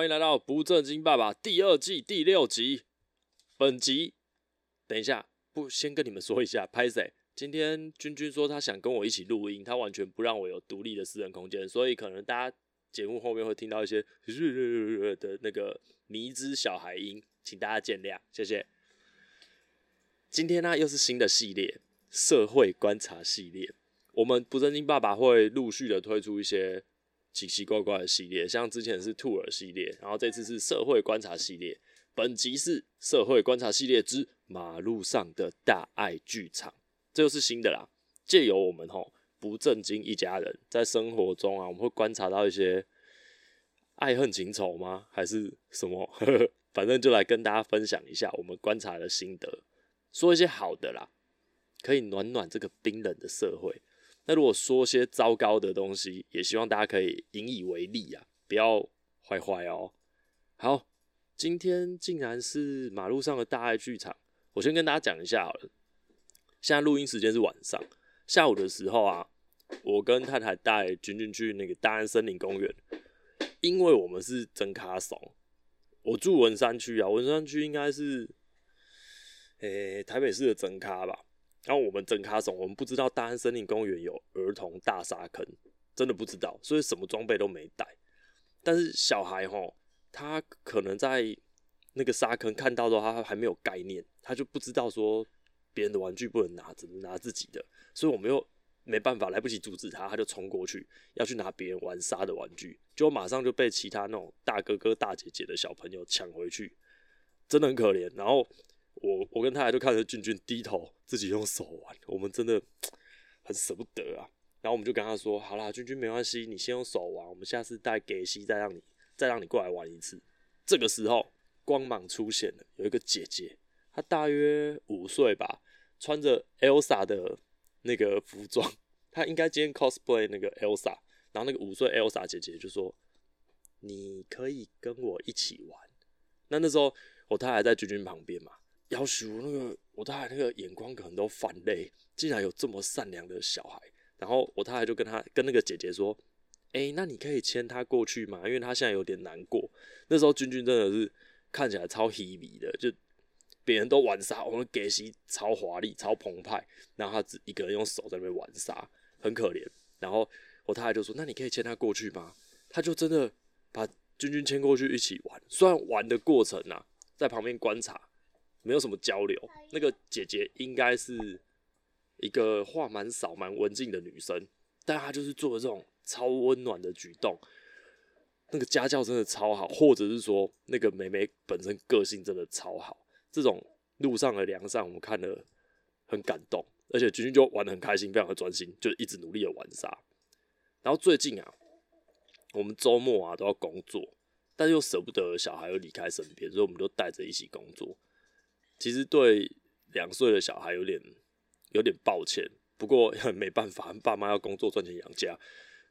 歡迎來到《不正經爸爸》第二季第六集。本集，等一下，不先跟你們說一下，拍誰？今天君君說他想跟我一起錄音，他完全不讓我有獨立的私人空間，所以可能大家節目後面會聽到一些的那個迷之小孩音，請大家見諒，謝謝。今天呢、啊，又是新的系列，社會觀察系列。我們《不正經爸爸》會陸續的推出一些。奇奇怪怪的系列，像之前是兔耳系列，然後這次是社會觀察系列。本集是社會觀察系列之馬路上的大愛劇場，這就是新的啦。借由我們吼不正經一家人，在生活中啊，我們會觀察到一些愛恨情仇嗎？還是什麼？呵呵，反正就來跟大家分享一下我們觀察的心得，說一些好的啦，可以暖暖這個冰冷的社會。那如果說些糟糕的東西，也希望大家可以引以為例啊，不要壞壞哦。好，今天竟然是馬路上的大愛劇場，我先跟大家講一下好了。現在錄音時間是晚上，下午的時候啊，我跟太太帶君君去那個大安森林公園，因為我們是真咖慫，我住文山區啊，文山區應該是誒、欸、台北市的真咖吧。然後我們真卡慫，我們不知道大安森林公園有兒童大沙坑，真的不知道，所以什麼裝備都沒帶。但是小孩吼，他可能在那個沙坑看到的話，他還沒有概念，他就不知道說別人的玩具不能拿，只能拿自己的。所以我們又沒辦法，來不及阻止他，他就衝過去要去拿別人玩沙的玩具，就馬上就被其他那種大哥哥大姐姐的小朋友搶回去，真的很可憐。然後。我我跟太太就看着俊俊低頭自己用手玩，我們真的很捨不得啊。然後我們就跟他說：“好啦，俊俊沒關係，你先用手玩，我們下次帶給西再讓你再讓你過來玩一次。”這個時候光芒出現了，有一個姐姐，她大約五歲吧，穿着 Elsa 的那個服裝，她應該今天 cosplay 那個 Elsa。然後那個五歲 Elsa 姐姐就說：“你可以跟我一起玩。”那那時候我太太在俊俊旁邊嘛。要是我那個我太太那個眼光可能都泛淚，竟然有這麼善良的小孩。然後我太太就跟他跟那個姐姐說：“誒、欸，那你可以牽他過去嗎？因為他現在有點難過。”那時候君君真的是看起來超 h a y 的，就別人都玩沙，我們給西超華麗、超澎湃，然後他只一個人用手在那邊玩沙，很可憐。然後我太太就說：“那你可以牽他過去嗎？”他就真的把君君牽過去一起玩。雖然玩的過程啊，在旁邊觀察。沒有什麼交流，那個姐姐應該是一個話蠻少、蠻文靜的女生，但她就是做了這種超溫暖的舉動。那個家教真的超好，或者是說那個妹妹本身個性真的超好。這種路上的良善我們看了很感動，而且君君就玩得很開心，非常的專心，就一直努力的玩沙。然後最近啊，我們週末啊都要工作，但是又捨不得小孩又離開身邊，所以我們就帶着一起工作。其實對兩歲的小孩有點有點抱歉，不過很沒辦法，爸媽要工作賺錢養家。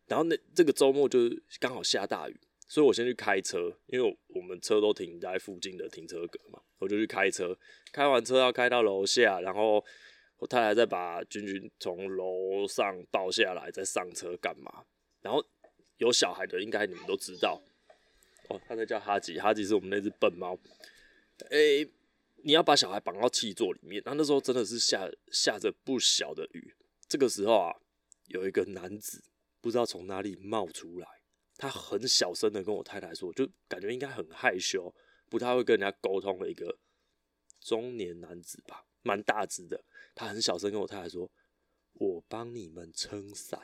然後那這個周末就剛好下大雨，所以我先去開車，因為我，我們車都停在附近的停車格嘛，我就去開車。開完車要開到樓下，然後我太太再把君君從樓上抱下來，再上車幹嘛？然後有小孩的應該你們都知道，哦，他在叫哈吉，哈吉是我們那只笨貓，誒你要把小孩綁到汽座裡面，那那時候真的是下下着不小的雨。這個時候啊，有一個男子不知道從哪裡冒出來，他很小聲的跟我太太說，就感覺應該很害羞，不太會跟人家溝通的一個中年男子吧，蠻大只的。他很小聲跟我太太說：“我幫你們撐傘。”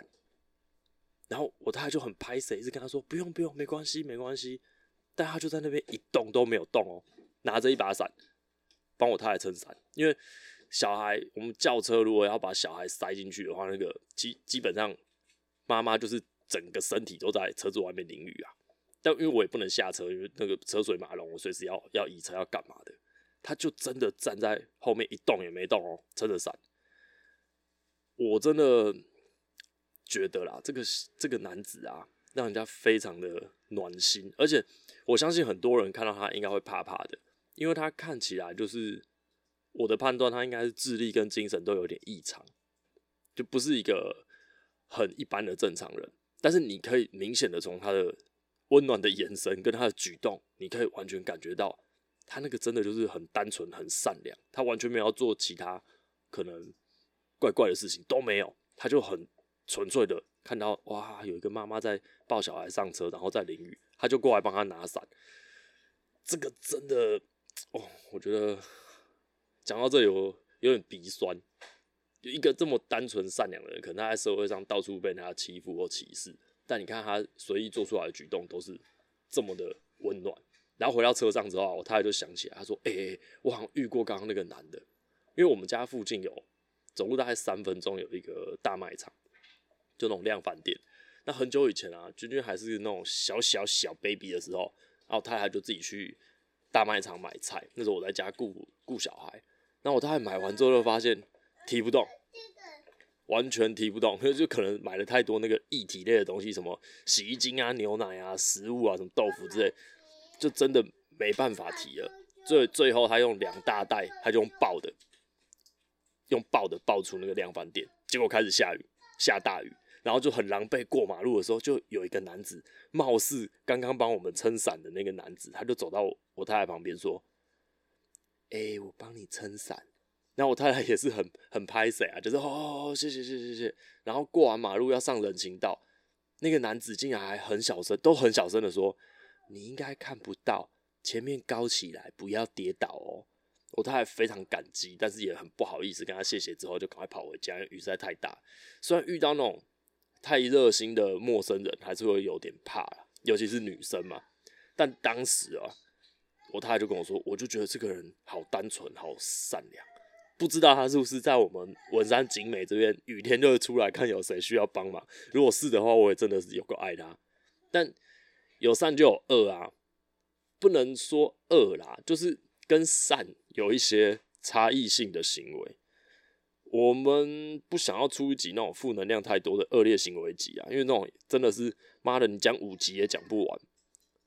然後我太太就很拍謝一直跟他說：“不用不用，沒關係沒關係。”但他就在那邊一動都沒有動哦，拿着一把傘。幫我太太撐傘，因為小孩，我們轎車如果要把小孩塞進去的話，那個基基本上媽媽就是整個身體都在車子外面淋雨啊。但因為我也不能下車，因為那個車水馬龍，我隨時要要移車要幹嘛的。他就真的站在後面一動也沒動哦，撐着傘。我真的覺得啦，這個這個男子啊，讓人家非常的暖心，而且我相信很多人看到他應該會怕怕的。因為他看起來就是我的判斷，他應該是智力跟精神都有點異常，就不是一個很一般的正常人。但是你可以明顯的從他的溫暖的眼神跟他的舉動，你可以完全感覺到他那個真的就是很單純、很善良，他完全沒有做其他可能怪怪的事情，都沒有。他就很純粹的看到哇，有一個媽媽在抱小孩上車，然後在淋雨，他就過來幫他拿傘。這個真的。哦，我覺得講到這裡有有點鼻酸。就一個這麼單純善良的人，可能他在社會上到處被人家欺負或歧視，但你看他隨意做出來的舉動都是這麼的溫暖。然後回到車上之後，我太太就想起來，他說：“欸，我好像遇過剛剛那個男的，因為我們家附近有走路大概三分鐘有一個大賣場，就那種量販店。那很久以前啊，君君還是那種小小小 baby 的時候，然後太太就自己去。”大賣場買菜，那時候我在家顧顧小孩，那我大概買完之後就發現提不動，完全提不動，就就可能買了太多那個液體類的東西，什麼洗衣精啊、牛奶啊、食物啊、什麼豆腐之類，就真的沒辦法提了。最最後他用兩大袋，他就用抱的，用抱的抱出那個量販店，結果開始下雨，下大雨，然後就很狼狽過馬路的時候，就有一個男子，貌似剛剛幫我們撐傘的那個男子，他就走到我。我太太旁邊說：“哎、欸，我幫你撐傘。”然後我太太也是很很拍手啊，就是“哦，謝謝謝謝謝。”然後過完馬路要上人行道，那個男子竟然還很小聲，都很小聲的說：“你應該看不到前面高起來，不要跌倒哦。”我太太非常感激，但是也很不好意思，跟他謝謝之後就趕快跑回家，雨實在太大。雖然遇到那種太熱心的陌生人，還是會有點怕，尤其是女生嘛。但當時啊。我太太就跟我說，我就覺得這個人好單純、好善良，不知道他是不是在我們文山景美這邊雨天就會出來看有誰需要幫忙。如果是的話，我也真的是有夠愛他。但有善就有惡啊，不能說惡啦，就是跟善有一些差異性的行為。我們不想要出一集那種負能量太多的惡劣行為集啊，因為那種真的是媽的，你講五集也講不完。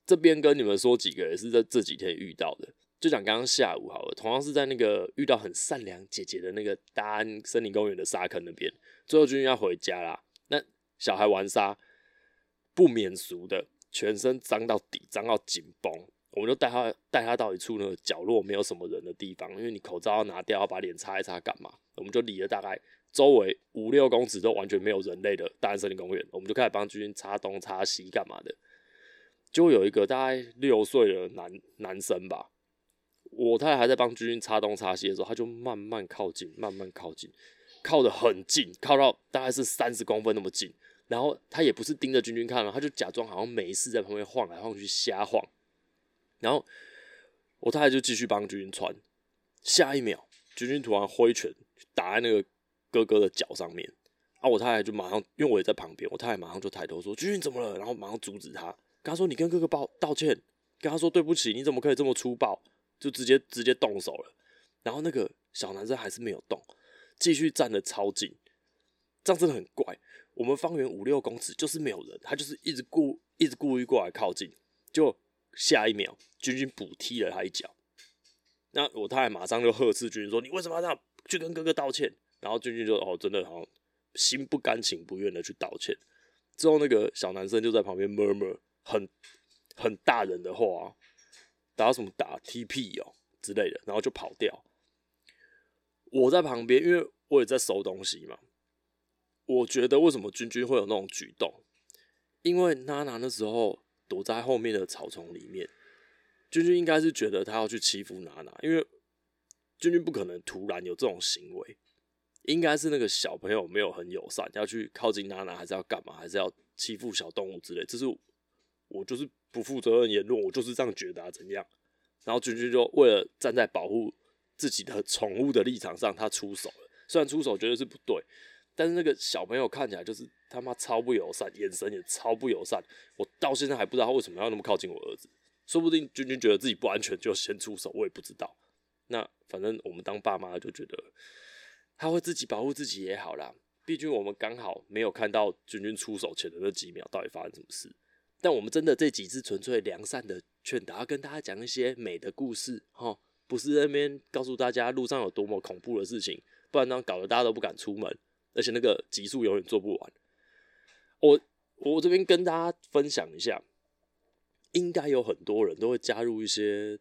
這邊跟你們說幾個，也是在這、這幾天遇到的。就講剛剛下午好了，同樣是在那個遇到很善良姐姐的那個大安森林公園的沙坑那邊，最後軍軍要回家啦。那小孩玩沙，不免俗的，全身髒到底，髒到緊繃。我們就帶他帶他到一處那個角落，沒有什麼人的地方，因為你口罩要拿掉，要把臉擦一擦，幹嘛？我們就離了大概周圍五六公尺都完全沒有人類的大安森林公園，我們就開始幫軍軍擦東擦西，幹嘛的？就有一個大概六歲的男男生吧，我太太還在幫君君擦東擦西的時候，他就慢慢靠近，慢慢靠近，靠得很近，靠到大概是三十公分那麼近。然後他也不是盯着君君看了，他就假裝好像沒事，在旁邊晃來晃去瞎晃。然後我太太就繼續幫君君穿。下一秒，君君突然揮拳打在那個哥哥的腳上面。啊！我太太就馬上，因為我也在旁邊，我太太馬上就抬頭說：“君君怎麼了？”然後馬上阻止他。跟他說：“你跟哥哥抱道歉，跟他說對不起，你怎麼可以這麼粗暴？就直接直接動手了。”然後那個小男生還是沒有動，繼續站的超近，這樣真的很怪。我們方圓五六公尺就是沒有人，他就是一直故一直故意過來靠近。就下一秒，君君補踢了他一腳。那我太太馬上就呵斥君說：“你為什麼要這樣？去跟哥哥道歉。”然後君君就哦，真的好像心不甘情不願的去道歉。之後那個小男生就在旁邊 murmur。很很大人的話啊，打什麼打 TP 哦，之類的，然後就跑掉。我在旁邊，因為我也在收東西嘛。我覺得為什麼君君會有那種舉動，因為娜娜那時候躲在後面的草叢裡面，君君應該是覺得他要去欺負娜娜，因為君君不可能突然有這種行為，應該是那個小朋友沒有很友善，要去靠近娜娜，還是要幹嘛，還是要欺負小動物之類，這是。我就是不負責任言論，我就是這樣覺得啊，怎樣？然後君君就為了站在保護自己的寵物的立場上，他出手了。雖然出手絕對是不對，但是那個小朋友看起來就是他媽超不友善，眼神也超不友善。我到現在還不知道他為什麼要那麼靠近我兒子，說不定君君覺得自己不安全就先出手，我也不知道。那反正我們當爸媽就覺得他會自己保護自己也好啦。畢竟我們剛好沒有看到君君出手前的那幾秒到底發生什麼事。但我們真的這幾次純粹良善的勸導，跟大家講一些美的故事，哈，不是在那邊告訴大家路上有多麼恐怖的事情，不然那樣搞得大家都不敢出門，而且那個集數永遠做不完。我我這邊跟大家分享一下，應該有很多人都會加入一些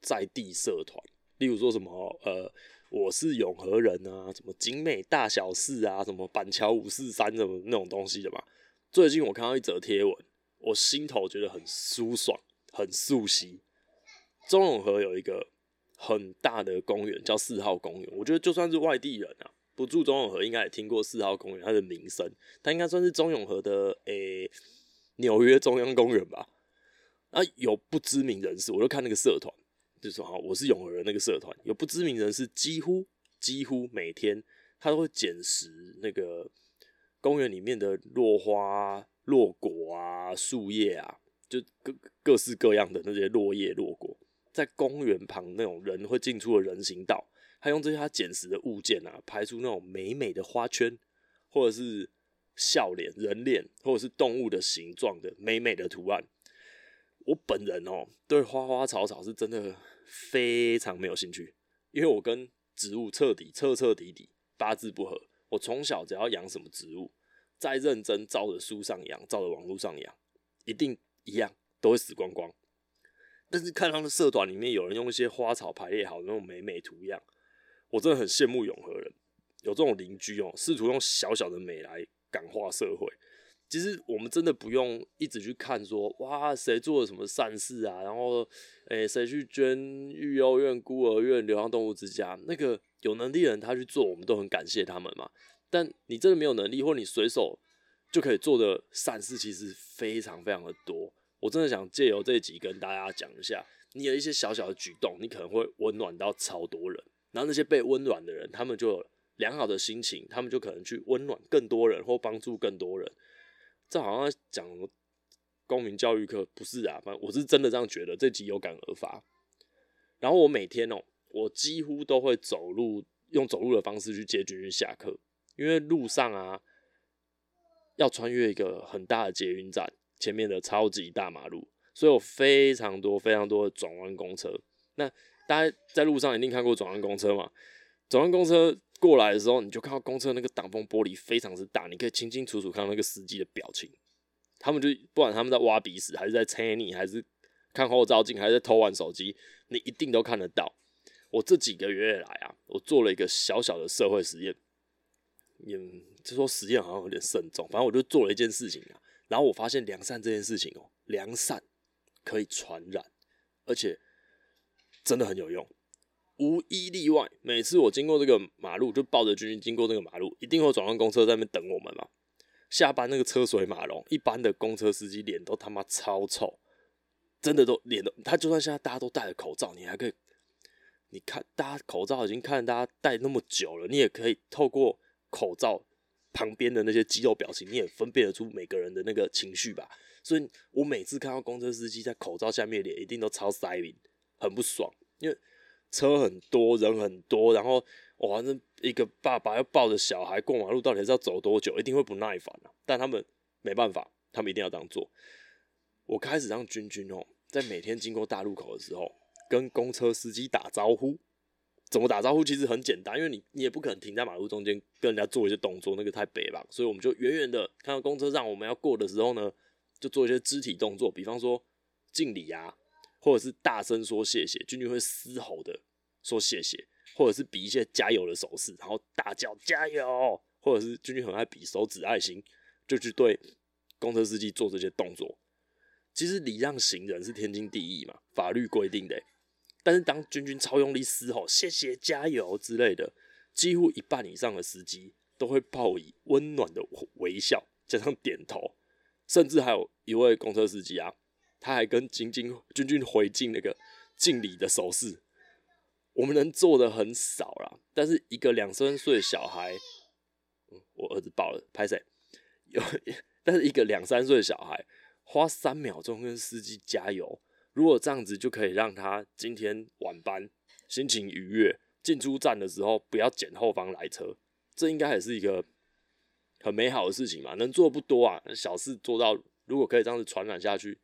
在地社團，例如說什麼呃我是永和人啊，什麼景美大小事啊，什麼板橋五四三什麼那種東西的嘛。最近我看到一則貼文。我心頭覺得很舒爽，很熟悉。中永和有一個很大的公園，叫四號公園。我覺得就算是外地人啊，不住中永和，應該也聽過四號公園它的名聲。它應該算是中永和的誒，紐約中央公園吧？啊，有不知名人士，我就看那個社團，就說：“啊，我是永和人的那個社團。”有不知名人士，幾乎幾乎每天他都會撿拾那個公園裡面的落花。落果啊，樹葉啊，就各各式各樣的那些落葉、落果，在公園旁那種人會進出的人行道，他用這些他撿拾的物件啊，排出那種美美的花圈，或者是笑臉、人臉，或者是動物的形狀的美美的圖案。我本人哦、喔，對花花草草是真的非常沒有興趣，因為我跟植物徹底、徹徹底底八字不合。我從小只要養什麼植物。再認真照著書上一樣，照著網絡上一樣，一定一樣都會死光光。但是看他們社團裡面有人用一些花草排列好那種美美圖樣，我真的很羨慕永和人有這種鄰居哦、喔，試圖用小小的美來感化社會。其實我們真的不用一直去看說哇誰做了什麼善事啊，然後誒誰、欸、去捐育幼院、孤兒院、流浪動物之家，那個有能力的人他去做，我們都很感謝他們嘛。但你真的沒有能力，或你隨手就可以做的善事，其實非常非常的多。我真的想借由這一集跟大家講一下，你有一些小小的舉動，你可能會溫暖到超多人。然後那些被溫暖的人，他們就有良好的心情，他們就可能去溫暖更多人或幫助更多人。這好像講公民教育課，不是啊？反正我是真的這樣覺得。這集有感而發。然後我每天哦、喔，我幾乎都會走路，用走路的方式去接軍軍去下課。因為路上啊，要穿越一個很大的捷運站，前面的超級大馬路，所以有非常多非常多的轉彎公車。那大家在路上一定看過轉彎公車嘛。轉彎公車過來的時候，你就看到公車那個擋風玻璃非常之大，你可以清清楚楚看到那個司機的表情。他們就不管他們在挖鼻屎，還是在吹你，還是看後照鏡，還是在偷玩手機，你一定都看得到。我這幾個月來啊，我做了一個小小的社會實驗。嗯，就說實驗，好像有點慎重，反正我就做了一件事情啊，然後我發現良善這件事情哦、喔，良善可以傳染，而且真的很有用，無一例外。每次我經過這個馬路，就抱着軍軍經過這個馬路，一定會轉彎公車在那邊等我們嘛、啊。下班那個車水馬龍，一般的公車司機臉都他媽超臭，真的都臉都他就算現在大家都戴了口罩，你還可以你看大家口罩已經看大家戴那麼久了，你也可以透過。口罩旁邊的那些肌肉表情，你也分辨得出每個人的那個情緒吧？所以我每次看到公車司機在口罩下面臉，一定都超塞臉，很不爽。因為車很多人很多，然後我好像，哦，一個爸爸要抱着小孩過馬路，到底是要走多久？一定會不耐煩啊，但他們沒辦法，他們一定要這樣做。我開始讓君君哦，在每天經過大路口的時候，跟公車司機打招呼。怎麼打招呼其實很簡單，因為你你也不可能停在馬路中間跟人家做一些動作，那個太北了吧。所以我們就遠遠的看到公車上我們要過的時候呢，就做一些肢體動作，比方說敬禮啊，或者是大聲說謝謝。君君會嘶吼的說謝謝，或者是比一些加油的手勢，然後大叫加油，或者是君君很愛比手指愛心，就去對公車司機做這些動作。其實禮讓行人是天經地義嘛，法律規定的，欸。但是當軍軍超用力嘶吼“謝謝加油”之類的，幾乎一半以上的司機都會報以溫暖的微笑，加上點頭，甚至還有一位公車司機啊，他還跟金金軍軍君君回敬那個敬禮的手勢。我們能做的很少啦，但是一個兩三歲小孩，嗯，我兒子抱了拍謝？有，但是一個兩三歲小孩花三秒鐘跟司機加油。如果這樣子就可以讓他今天晚班心情愉悅，進出站的時候不要剪後方來車，這應該也是一個很美好的事情嘛。能做的不多啊，小事做到，如果可以這樣子傳染下去，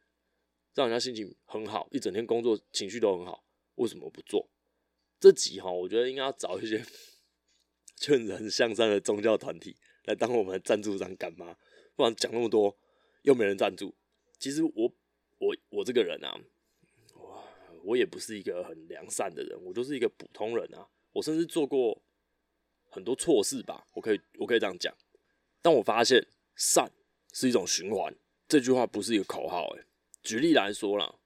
讓人家心情很好，一整天工作情緒都很好，為什麼不做？這集哈，我覺得應該要找一些勸 人向善的宗教團體來當我們的贊助商，幹嘛？不然講那麼多又沒人贊助。其實我我我這個人啊。我也不是一個很良善的人，我就是一個普通人啊。我甚至做過很多錯事吧，我可以我可以這樣講。但我發現善是一種循環，這句話不是一個口號，欸。誒。舉例來說了，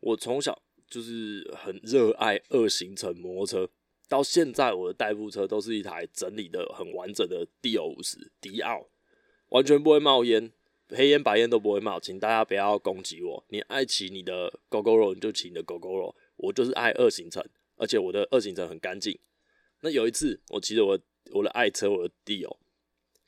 我從小就是很熱愛二行程摩托車，到現在我的代步車都是一台整理得很完整的迪歐五十，迪奧完全不會冒煙。黑煙白煙都不會冒，請大家不要攻擊我。你愛騎你的狗狗肉，你就騎你的狗狗肉。我就是愛二行程，而且我的二行程很乾淨。那有一次，我騎着我的我的愛車，我的弟哦，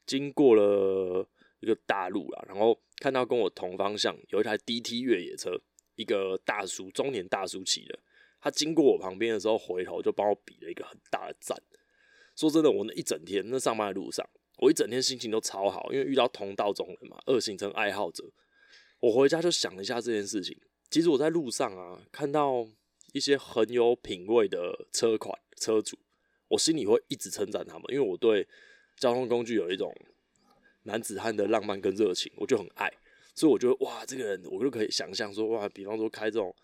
經過了一個大路啊，然後看到跟我同方向有一台 DT 越野車，一個大叔中年大叔騎的，他經過我旁邊的時候，回頭就幫我比了一個很大的讚。說真的，我那一整天，那上班的路上。我一整天心情都超好，因為遇到同道中人嘛，二行程愛好者。我回家就想了一下這件事情。其實我在路上啊，看到一些很有品味的車款車主，我心裡會一直稱讚他們，因為我對交通工具有一種男子漢的浪漫跟熱情，我就很愛。所以我覺得哇，這個人我就可以想象說哇，比方說開這種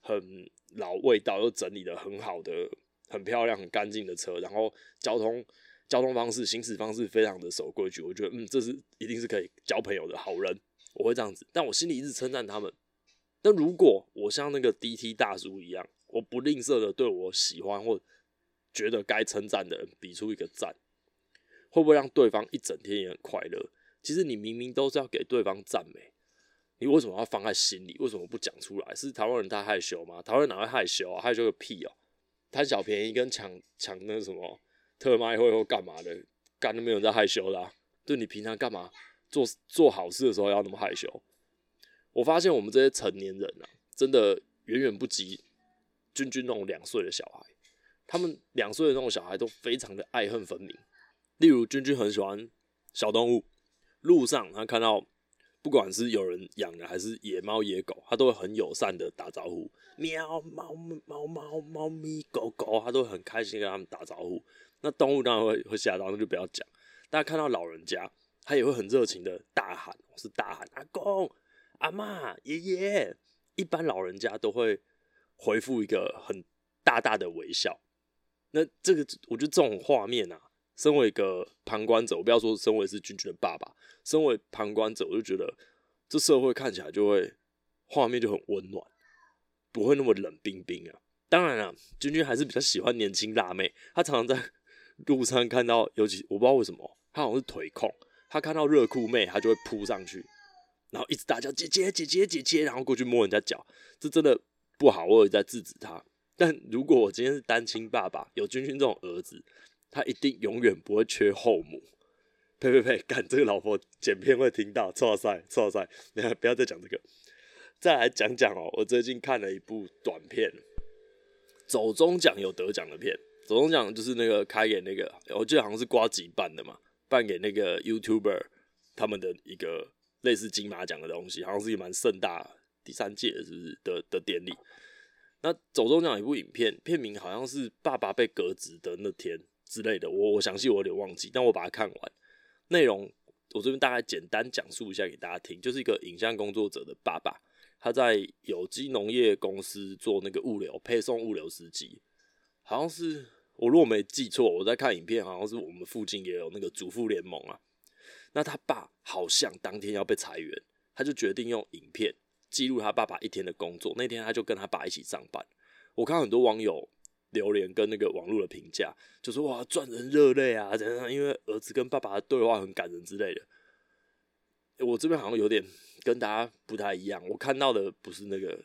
很老味道又整理的很好的、很漂亮、很乾淨的車，然後交通。交通方式、行駛方式非常的守規矩，我覺得，嗯，這是一定是可以交朋友的好人，我會這樣子。但我心裡一直稱讚他們。那如果我像那個 DT 大叔一樣，我不吝嗇的對我喜歡或覺得該稱讚的人比出一個讚，會不會讓對方一整天也很快樂？其實你明明都是要給對方讚美，你為什麼要放在心裡？為什麼不講出來？是台灣人太害羞嗎？台灣人哪會害羞啊？害羞個屁哦、喔！貪小便宜跟搶搶那什麼？特賣會或幹嘛的？干都沒有人在害羞啦、啊。就你平常幹嘛做做好事的時候要那麼害羞？我發現我們這些成年人啊，真的遠遠不及君君那種兩歲的小孩。他們兩歲的那種小孩都非常的愛恨分明。例如君君很喜歡小動物，路上他看到不管是有人養的還是野貓野狗，他都會很友善的打招呼：，喵，貓貓貓貓咪，狗狗，他都很開心跟他們打招呼。那動物當然會會嚇到，那就不要講。大家看到老人家，他也會很熱情的大喊，我是大喊阿公、阿嬤、爺爺。一般老人家都會回復一個很大大的微笑。那這個，我覺得這種畫面啊，身為一個旁觀者，我不要說身為是君君的爸爸，身為旁觀者，我就覺得這社會看起來就會畫面就很溫暖，不會那麼冷冰冰啊。當然了、啊，君君還是比較喜歡年輕辣妹，他常常在。路上看到，尤其我不知道為什麼，他好像是腿控，他看到熱褲妹，他就會撲上去，然後一直大叫姐姐姐姐姐姐，然後過去摸人家腳，這真的不好，我一直在制止他。但如果我今天是單親爸爸，有軍軍這種兒子，他一定永遠不會缺後母。呸呸呸！幹，這個老婆剪片會聽到，錯賽錯賽，你看不要再講這個，再來講講哦，我最近看了一部短片，走中獎有得獎的片。走鐘獎就是那個開演那個，我記得好像是呱吉辦的嘛，辦給那個 YouTuber 他們的一個類似金馬獎的東西，好像是一蠻盛大第三屆是不是的的典禮？那走鐘獎一部影片片名好像是《爸爸被革職的那天》之類的，我我詳細我有點忘記，但我把它看完。內容我這邊大概簡單講述一下給大家聽，就是一個影像工作者的爸爸，他在有機農業公司做那個物流配送，物流司機。好像是我如果沒記錯，我在看影片，好像是我們附近也有那個主婦聯盟啊。那他爸好像當天要被裁員，他就決定用影片記錄他爸爸一天的工作。那天他就跟他爸一起上班。我看很多網友留言跟那個網絡的評價，就說哇，賺人熱淚啊，這樣，因為兒子跟爸爸的對話很感人之類的。我這邊好像有點跟大家不太一樣，我看到的不是那個，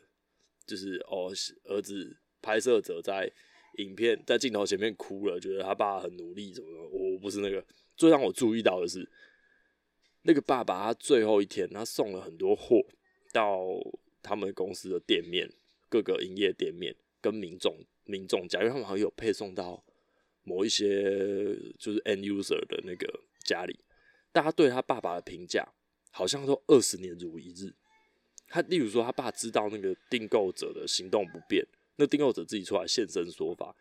就是哦，兒子拍攝者在。影片在鏡頭前面哭了，覺得他爸很努力怎麼？我不是那個。最讓我注意到的是，那個爸爸他最後一天，他送了很多貨到他們公司的店面、各個營業店面，跟民眾民眾家，因為他們好像有配送到某一些就是 end user 的那個家裡。大家對他爸爸的評價好像說二十年如一日。他例如說，他爸知道那個訂購者的行動不便，那訂購者自己出來現身說法，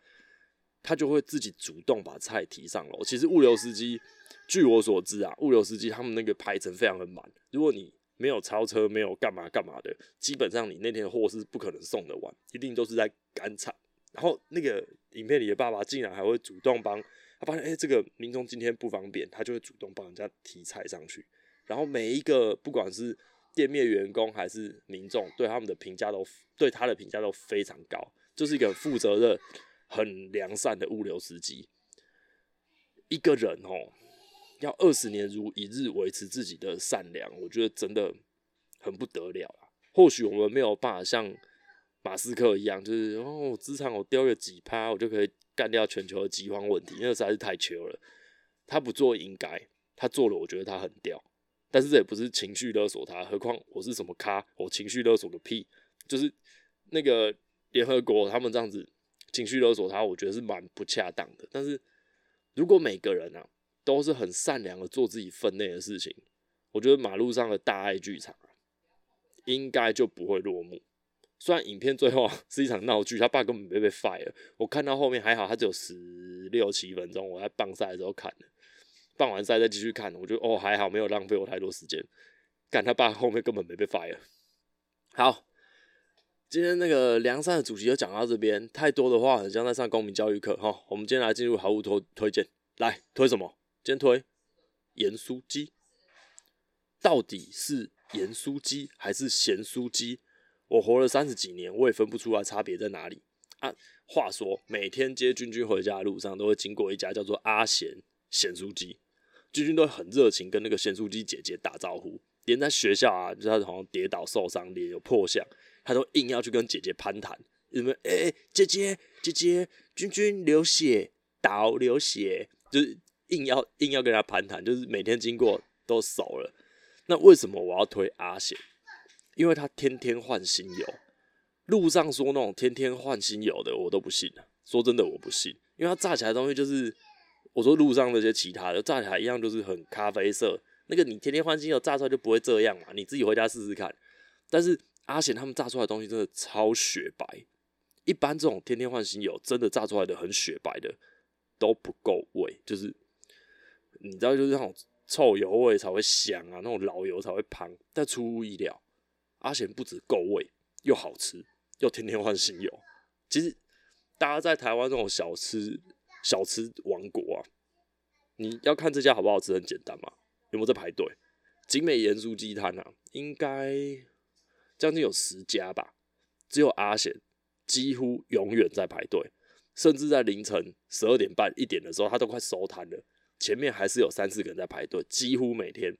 他就會自己主動把菜提上樓。其實物流司機，據我所知啊，物流司機他們那個排程非常的滿。如果你沒有超車，沒有幹嘛幹嘛的，基本上你那天的貨是不可能送得完，一定都是在趕場。然後那個影片裡的爸爸竟然還會主動幫，他發現哎，這個民眾今天不方便，他就會主動幫人家提菜上去。然後每一個不管是店面員工還是民眾對他們的評價，都對他的評價都非常高，就是一個負責任、很良善的物流司機。一個人哦，要二十年如一日維持自己的善良，我覺得真的很不得了啊。或許我們沒有辦法像馬斯克一樣，就是哦，資產我丟個幾趴，我就可以幹掉全球的飢荒問題，因為實在是太缺了。他不做應該，他做了，我覺得他很屌。但是這也不是情緒勒索他，何況我是什麼咖，我情緒勒索個屁！就是那個聯合國他們這樣子情緒勒索他，我覺得是蠻不恰當的。但是如果每個人啊都是很善良的做自己分內的事情，我覺得馬路上的大愛劇場應該就不會落幕。雖然影片最後是一場鬧劇，他爸根本沒被 fire。我看到後面還好，他只有十六七分鐘，我在棒賽的時候看辦完賽再繼續看，我覺得哦，還好，沒有浪費我太多時間。幹他爸，後面根本沒被 fire。好，今天那個良善的主題就講到這邊，太多的話很像在上公民教育課哈、哦。我們今天來進入好物推推薦，來推什麼？今天推鹽酥雞，到底是鹽酥雞還是鹹酥雞？我活了三十幾年，我也分不出來差別在哪裡啊。話說，每天接軍軍回家的路上，都會經過一家叫做阿鹹鹹酥雞。君君都很熱情，跟那個鹹酥雞姐姐打招呼。連在學校啊，就他好像跌倒受傷，臉有破相，他都硬要去跟姐姐攀談。什麼哎，姐姐姐姐，君君流血，倒流血，就是硬要硬要跟她攀談。就是每天經過都熟了。那為什麼我要推阿姐？因為她天天換新油，路上說那種天天換新油的，我都不信。說真的，我不信，因為她炸起來的東西就是。我說路上那些其他的炸起來一樣都是很咖啡色，那個你天天換新油炸出來就不會這樣嘛？你自己回家試試看。但是阿賢他們炸出來的東西真的超雪白，一般這種天天換新油真的炸出來的很雪白的都不夠味，就是你知道就是那種臭油味才會香啊，那種老油才會胖。但出乎意料，阿賢不只夠味，又好吃，又天天換新油。其實大家在台灣這種小吃。小吃王國啊，你要看這家好不好吃，很簡單嘛，有沒有在排隊？景美鹽酥雞攤啊，應該將近有十家吧，只有阿賢幾乎永遠在排隊，甚至在凌晨十二點半一點的時候，他都快收攤了，前面還是有三四個人在排隊，幾乎每天，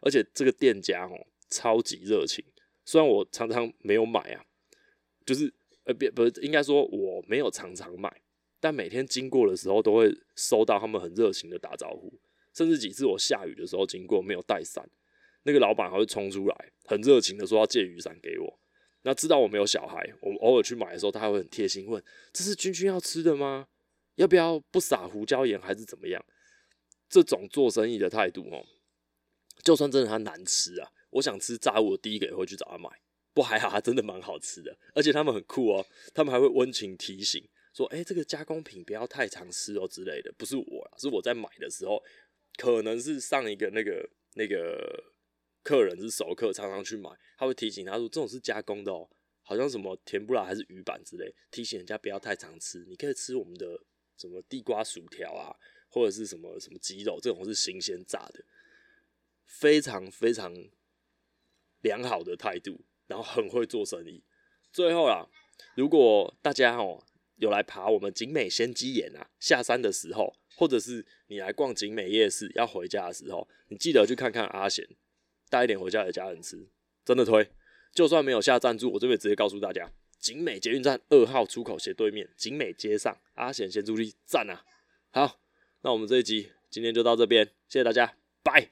而且這個店家哦，超級熱情，雖然我常常沒有買啊，就是呃不，不是應該說我沒有常常買。但每天經過的時候，都會收到他們很熱情的打招呼，甚至幾次我下雨的時候經過沒有帶傘，那個老闆還會衝出來，很熱情的說要借雨傘給我。那知道我沒有小孩，我偶爾去買的時候，他還會很貼心問：“這是君君要吃的嗎？要不要不撒胡椒鹽還是怎麼樣？”這種做生意的態度，哦，就算真的他難吃啊，我想吃炸物我第一個也會去找他買。不還好，他真的蠻好吃的，而且他們很酷哦，他們還會溫情提醒。說：“哎、欸，這個加工品不要太常吃哦之類的，不是我，是我在買的時候，可能是上一個那個那個客人是熟客，常常去買，他會提醒他說：這種是加工的哦，好像什麼甜不辣還是魚板之類，提醒人家不要太常吃。你可以吃我們的什麼地瓜薯條啊，或者是什麼什麼雞肉，這種是新鮮炸的，非常非常良好的態度，然後很會做生意。最後啦，如果大家哦。”有來爬我們景美仙雞岩啊，下山的時候，或者是你來逛景美夜市要回家的時候，你記得去看看阿賢，帶一點回家給家人吃，真的推。就算沒有下贊助，我這邊直接告訴大家，景美捷運站二號出口斜對面景美街上，阿賢先助力贊啊！好，那我們這一集今天就到這邊，謝謝大家，拜。